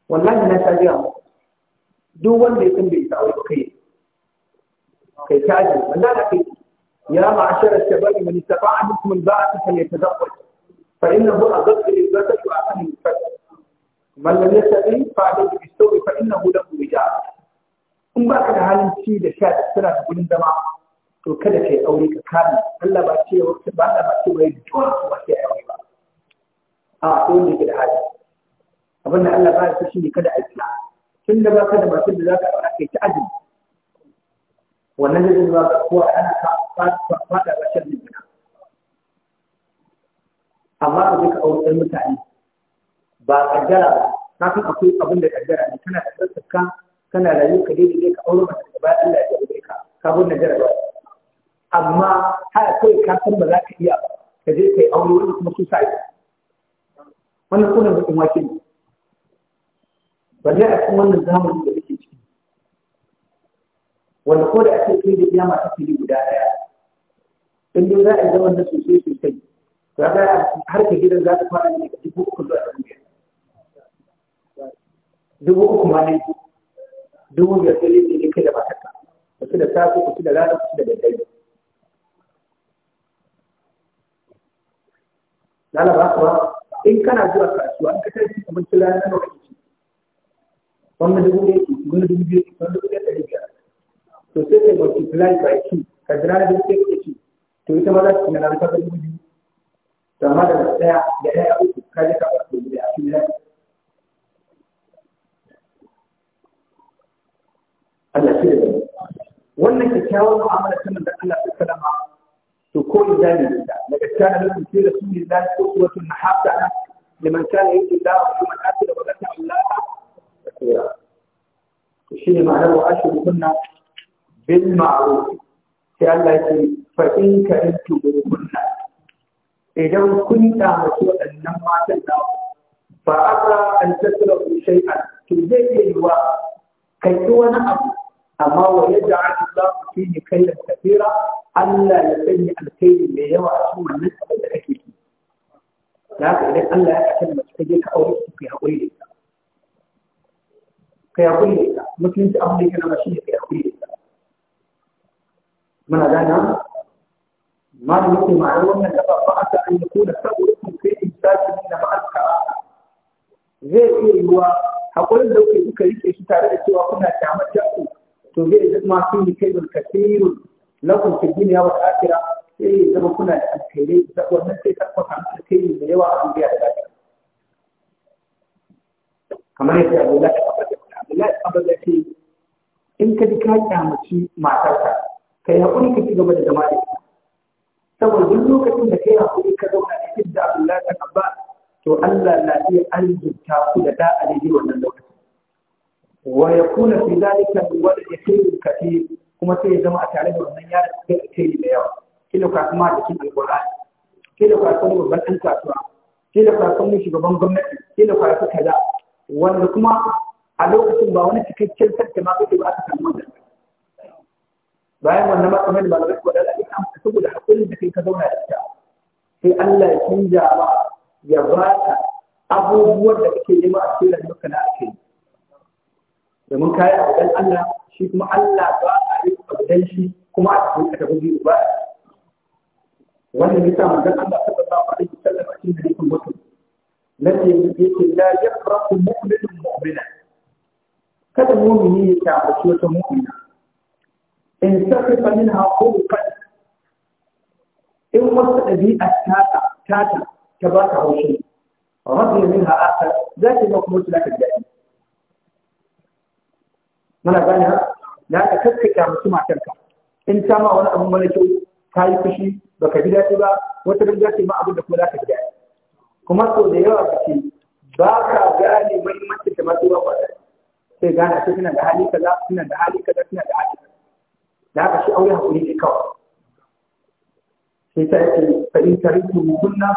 wallahi na sha gaya duk wanda ya san bai isa aure kai kai ta aji wallahi na kai يا معشر الشباب من استطاع منكم الباعة فليتزوج فإنه أغض للبصر وأحسن للفرد من لم يستطع فعليه بالسوء فإنه له halin ci da sha da suna da gudun zama to kada ka yi aure ka kame Allah ba ce wata ba Allah ba ce wai dole ba sai aure ba a to ne da hali abin da Allah ba ya so ne kada a kira tun da ba ka da matar da za ka aura yi ta azumi wannan da zai ba ka kowa ana ka fada ba shan da amma a duka aure mutane ba kaddara ba kafin akwai abin da kaddara ne kana da tsarkaka kana rayu ka daidai dai ka aure mata da Allah ya gode ka ka bar najara amma har kai ka san ba za ka iya ka je kai aure wani kuma su sai wannan kuma mutum wake ne balle a cikin wannan zamanin da kake ciki wanda ko da ake kai da iya mata fili guda daya in dai za a yi zaman da sosai sosai za ka har ka gidan za ka fara ne ka dubu uku zuwa dubu biyar dubu uku ma ne dubu biyar sai laifi ne kai da matarka wasu da safe ku da rana ku da daddare lalaba kuma in kana zuwa kasuwa in ka tashi abinci rana nawa kake ci wannan dubu ne ke wani dubu biyu ke wani dubu ɗari biyar to sai kai multiply by two ka jira da dubu ɗaya ke ci to ita ma za ta tunanar ta dubu biyu to amma daga ɗaya da ɗaya uku ka je ka ɓarke da a cikin Allah shi da wannan kyakkyawar mu'amala ta manzon Allah sallama to ko in da ne da daga kana nufin sai da sunni da ko kuwatun da liman kana yake da kuma asira wa zata Allah kasira to shi ne ma'anar wa ashiru kunna bil ma'ruf sai Allah yake fa in karintu bil kunna idan kun kyamaci waɗannan matan na ba a an tattara shay'an to zai iya yiwa kai wani abu أما ويجعل الله فيه كيلا كثيرا ألا يبني الكيل اللي يوعى سوى من نسبة الأكيد لا تقلق ألا يحكم مستجيك أو يكتب في أقويلك في أقويلك مثل أنت أمني كان ماشي في أقويلك من هذا نعم ما نمتل معلومة كما فأسى أن يكون ثورتهم في إنساك من أبعادك غير إيه هو لك لو كيبوك ليك إيش تعرف إيش وقلنا كعمل جاءوك فبيئة ما فيه كيد كثير لكم في الدنيا والآخرة إيه زما كنا الكيلين زقوا الناس تقوى عن الكيل اللي هو عن بيئة الآخرة كما يقول أبو الله أبو الله أبو الله in ka ji ka kyamaci matarka ka yi haƙuri ka ci gaba da zama da ita saboda duk lokacin da ka yi haƙuri ka zauna da ita da Abdullahi ta to Allah na iya arzuta ku da da'a da yi wannan lokacin wa في ذلك الولد alwalad khayrun كما kuma sai ya zama a tare da wannan yaron sai a da yawa kila ka kuma da cikin alqur'ani kila ka kuma babban ɗan kasuwa kila ka ka kuma a lokacin ba wani cikakken sarki ma kake ba aka san wannan bayan wannan ma kamar da malamai ko da Allah ya amsa saboda hakuri da kai ka zauna da ita sai Allah ya canja ba ya ba abubuwan da kake nema a cikin rayuwarka na alkhairi domin kayi abu dan Allah shi kuma Allah ba a yi abu dan shi kuma a cikin ka gudu ba wannan yasa manzon Allah sallallahu alaihi wasallam a cikin hadisin mutum lalle yake la yafraku mu'minun mu'mina kada mu'mini ya tafi wata mu'mina in sakifa minha khuluqan in wata dabi'a tata tata ta baka haushi rabbi minha akhar zaki ma kuma tulaka daɗi muna gane ha da ka kakkaka musu matarka in ta ma wani abin mara kyau ka yi fushi ba ka ji daɗi ba wata rinja ce ma abin da kuma za ka ji daɗi kuma sau da yawa ka ce ba ka gane mahimmancin da masu ba kwaɗa sai gane a suna da hali kaza suna da hali kaza suna da hali kaza da haka shi aure haƙuri ne kawai sai ta yake fa in tarihu muhunna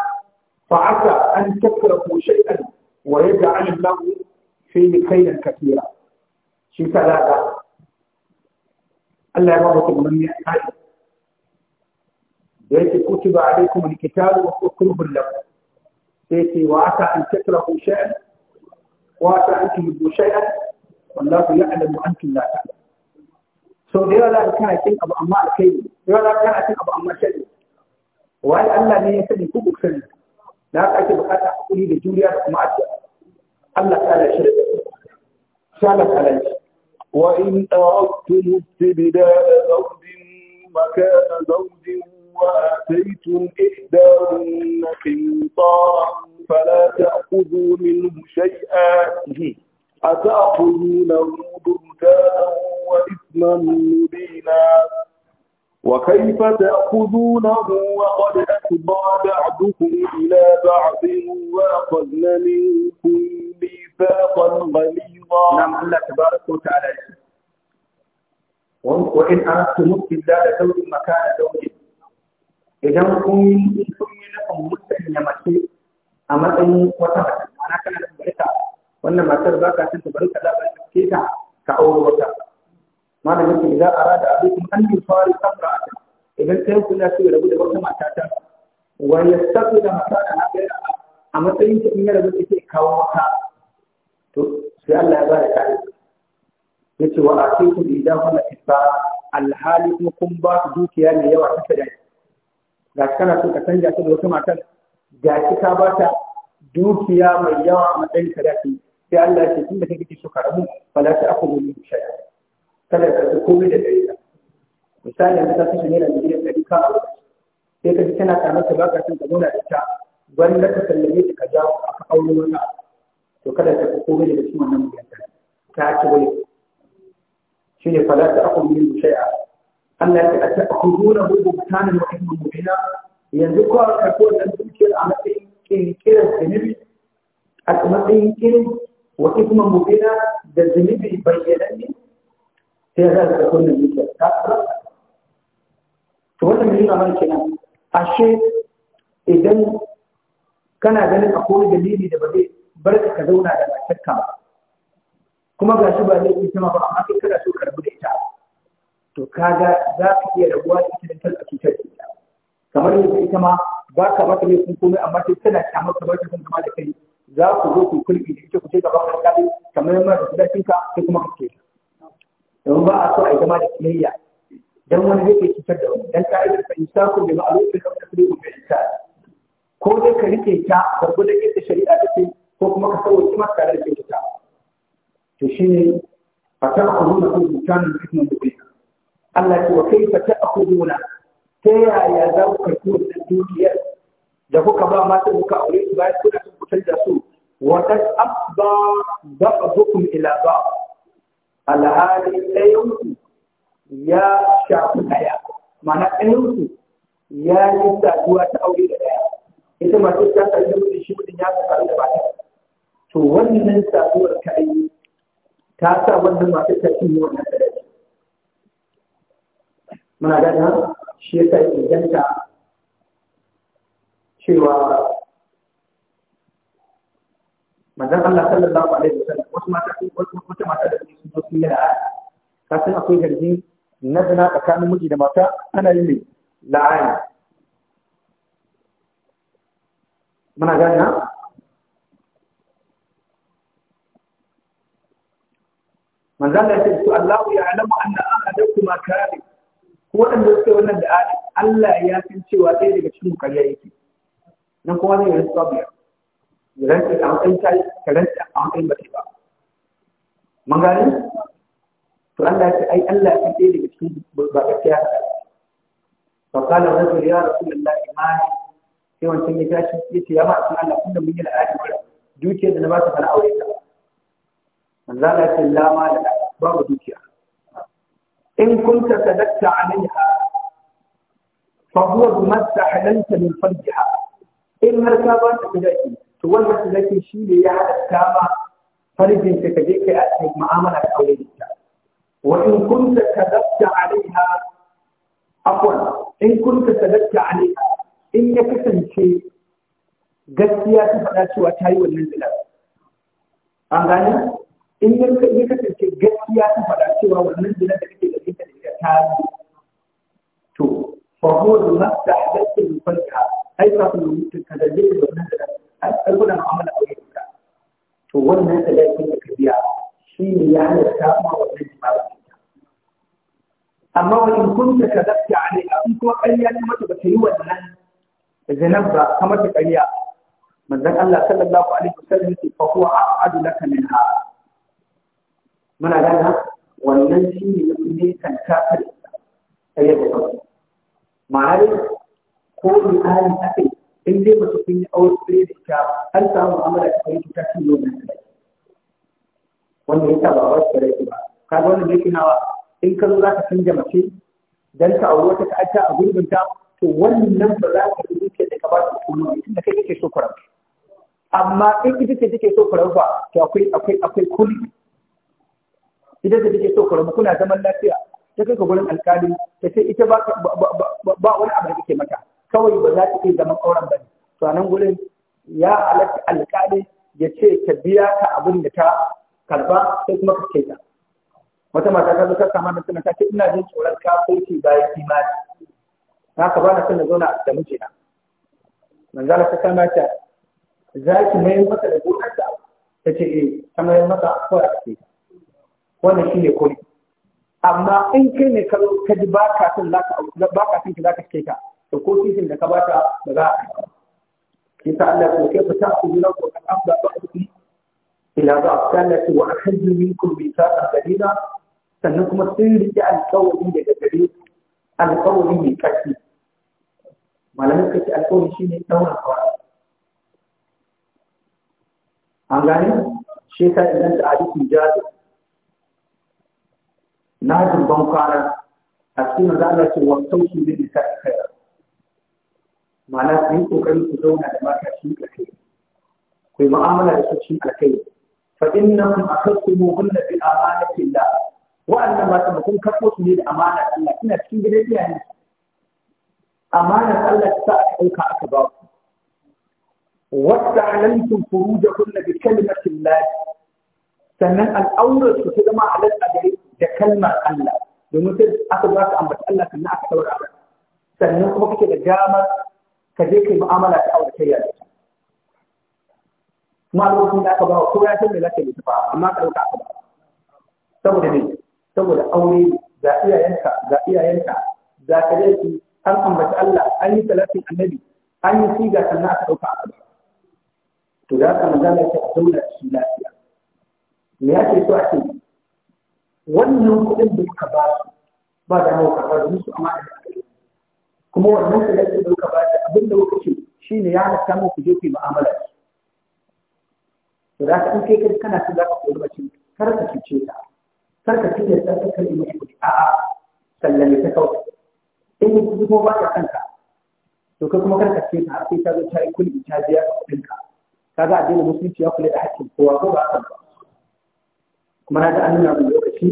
fa aka an takrahu shay'an wa yaj'al Allahu fihi khayran katira shi ta zaɓa Allah ya ba mutum nan ya kai da yake kutiba alaikum alkitabu wa kurhun lakum sai ce wa aka an takrahu shay'an wa aka an tuhibbu shay'an wallahu ya'lamu antum la ta'lamun sau da yawa za ka kana cin abu amma alkhairi da yawa za ka kana cin abu amma shari wani Allah ne ya sani kuku sani da haka ake bukata hakuri da juriya da kuma addu'a Allah ta da shirin. Allah ta da shi وإن أردتم استبدال زوج مكان زوج وآتيتم إحداهن قنطارا فلا تأخذوا منه شيئا أتأخذونه بهتانا وإثما مبينا وكيف تأخذونه وقد أفضى بعضكم إلى بعض وأخذن منكم ميثاقا غليظا نعم الله تبارك وتعالى وإن أردتم استبدال زوج مكان زوج idan kun yi kun yi nufin musanya mace a matsayin wata mace ana kana da barka wannan matar ba ka san ta barka za ka ta ka aure wata za a rada arada abikum an a amra'atan idan ta ku na so ya rabu da wata mata ta da mata da na gaira a matsayin ta in yara zai take kawo maka to sai Allah ya bada kai ce wa atiku idan wala isa alhali kuma kun ba su dukiya mai yawa ta sadaki ga shi kana so ka canja ta da wata matar ga shi ka ba ta dukiya mai yawa a matsayin ta sadaki sai Allah ya ce tun da kake so ka rabu la ta akulu min shay'a kada ka ɗauki komai da ɗari ka misali yanzu ka kashe naira miliyan ɗari ka aure sai ka ji tana kamar ta baka son ka zauna da ita gwanda ka sallame ta ka jawo aka aure wata to kada ka ɗauki komai daga cikin wannan miliyan ɗari ta ci wani shi ne fala ta akwai miliyan shai'a Allah ya ce a ta akwai zuwa hudu mutanen wa'in mubina yanzu ko a karɓi wannan dukiyar a matsayin kirkirar zunubi a matsayin kirin wa isman mubina da zunubi ne. sai ya za ka da zuciya ta to wannan yana mana kenan ashe idan kana ganin akwai dalili da ba zai bar ka ka zauna da matarka ba kuma ga shi ba zai yi sama ba amma kai kana so ka da ita to kaga za ka iya rabuwa da ita da kan a cutar ita kamar yadda ita ma ba ka mata laifin komai amma sai tana kyamar ka ba ta zama da kai za ku zo ku kulki da ita ku ce gaba da kai kamar yadda da ka sai kuma ka ce domin ba a so a yi zama da kiyayya Don wani zai cutar da wani dan a fa insaku da ma'ruf ka tasriku bi ihsan ko dai ka rike ta da yadda shari'a ta ce ko kuma ka sauke ma tare da ta to shine فتأخذون كل مكان حكمة مبينة التي وكيف تأخذون تيا يا ذوك كل الدنيا ذوك kuma ما تبوك أوليك بعد كل سنة تجسوا وقد أفضى بعضكم إلى بعض alhali ɗayansu ya shafi ɗaya mana ɗayansu ya yi saduwa ta aure da ɗaya ita masu ta sami da mutum shi mutum ya sami da ta. to wannan saduwar ka yi ta sa wannan masu ta cinye wannan da ɗaya muna gana shi ya sa inganta cewa manzon Allah sallallahu alaihi wasallam wasu mata wasu mata da su mutum yana ka san akwai zargi na zina tsakanin miji da mata ana yi mai la'ana muna gani na manzan da ya ce su Allah ya alamu an na an adabtu ma kare ko waɗanda suke wannan da Allah ya san cewa ɗaya daga cikin ƙarya yake nan kuma zai yi rinsa biyar ya rantsa a matsayin ta ka rantsa a matsayin ba ba mun gane to Allah ya ce ai Allah ya ce daga cikin ba gaskiya fa qala rajul ya rasulullah imani sai wancan ya tashi yace ya ma Allah kun da mun yi al'adi dukiyar da na ba ta fara aure ta manzo Allah ya ce la ma da babu dukiya in kunta sadaqta alaiha fa huwa bimastahlanta min farjiha in har ka ba ta kudaki to wannan kudaki shi ne ya ta ma farjin ka je kai a mu'amala da aure da ita wa in kunta kadabta alaiha afwan in kunta kadabta alaiha in ya kasance gaskiya ta faɗa cewa ta yi wannan zinar an gane in ya kasance gaskiya ta faɗa cewa wannan zinar da kake da ita da ta yi to fa huwa da masta hadatta min farka ai kafin mutum ka zaje da wannan zinar ai kuna mu'amala aure to wannan sadakin da ka biya shi ne ya halatta ma wannan imanin amma wa in kunta kadabta alaiha in kuma ƙarya ta mata ba ta yi wannan zanen ba ta mata ƙarya manzon Allah sallallahu alaihi wasallam ce fa huwa a'adu laka minha muna gana wannan shi ne ne kan kafir ƙarya ba ma'ana ko ni ayi akai in dai su kun yi aure da ita har ta mu'amala ta kai ta cin da ita. wanda ya ba wa tsare rai ba ga wannan yake nawa in ka zo za ka canja mace dan ka aure ka aka a gurbin ta to wannan ba za ka yi ke da ka ba ta kuma tun da kai kake so kuran amma in ita ce take so kuran ba, to akwai akwai akwai kuli ita ce take so kuran kuna zaman lafiya ta kai ka gurin alkali ta ce ita ba ba wani abu da kake mata kawai ba za ta iya zaman auren ba ne to a nan gurin ya alaƙa alƙali ya ce ta biya ta abin da ta karba sai kuma ka kai ta wata mata ta zo ta kama da tana ta ce ina jin tsoron ce bayan imani haka ba na son na zauna da mijina manzala ta kama ta za ki mai masa da gonarta ta ce eh ta mai masa kawai a ce wannan shi ne kuri amma in kai ne ka ka ji ba ka son za ka ba ka son ki za ka kai ta da ko titin da ka bata ba za a yi yasa Allah ya ce kai ta ku jira ko kan abda ba ku ila ba kana ce wa ahaddu minkum bi sa'an qalila sannan kuma sun riƙe alƙawari daga gare alƙawari mai ƙarfi malamin kace alƙawari shine ɗaurin kawai an gane shi yasa idan ta hadisi jadu na jin ban kwana a cikin manzo Allah ce wa tausu bi nisa'i khaira ma'ana su yi kokari ku zauna da mata shi a kai ku yi mu'amala da su shi a kai fa innahum akasumu hunna bi amanati Allah wa'annan mata mutum karɓo su ne da amanar Allah kina cikin gidan iyayen amanar Allah ta sa aka ɗauka aka ba ku واستعلنتم فروجهن بكلمة الله sannan al'aurar su ta zama halatta da da kalmar Allah domin sai aka za ka ambata Allah sannan aka saurara sannan kuma kake da damar ka je kai mu'amala ta aure da ita kuma lokacin da aka ba ko ya san me zaka yi tafa amma ka dauka ba saboda ne saboda aure ga iyayenka ga iyayenka za ka je ki an ambaci Allah an yi salatin annabi an yi siga sannan aka dauka a ba to da haka manzo Allah ya ce a zauna shi lafiya me yake so a ce wannan kuɗin da kuka ba su ba da mu karɓar musu amma da kuma wannan yake da ba bada abin da kuka ce shine ya halatta mu ku je ku yi mu'amala to da ka in kai kai kana so za ka koyi kar ka kice ta kar ka cuce ta ka kai mu mace kuɗi a'a sallame ta kawai in ku ko ba ka kanka to ka kuma kar ka kice ta har sai ta zo ta yi kulli ta biya ka kudin ka kaga addinin musulunci ya kula da haƙƙin kowa ko ba ka ba kuma na ga annabi lokaci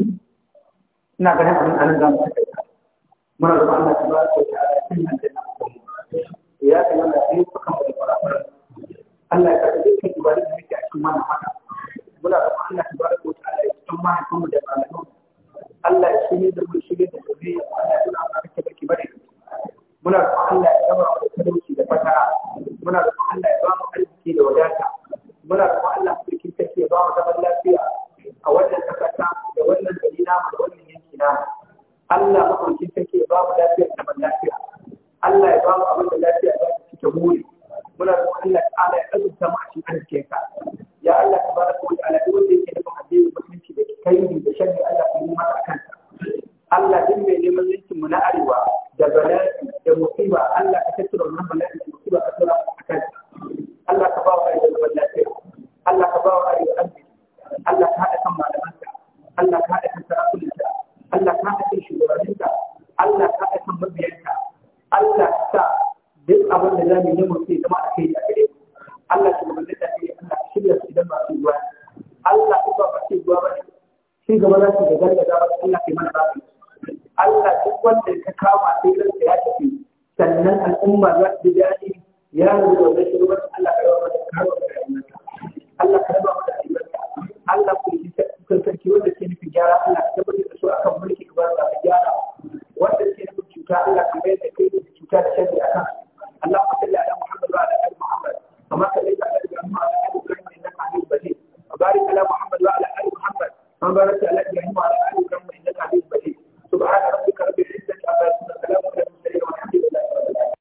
ina ganin abin anan za muna da Allah ta ba ta ya ta yana da yin sukan da fara Allah ya ta dukkan ibadun da muke a cikin da Allah ta ba ta da Allah ya shirye da mu shirye da zuriya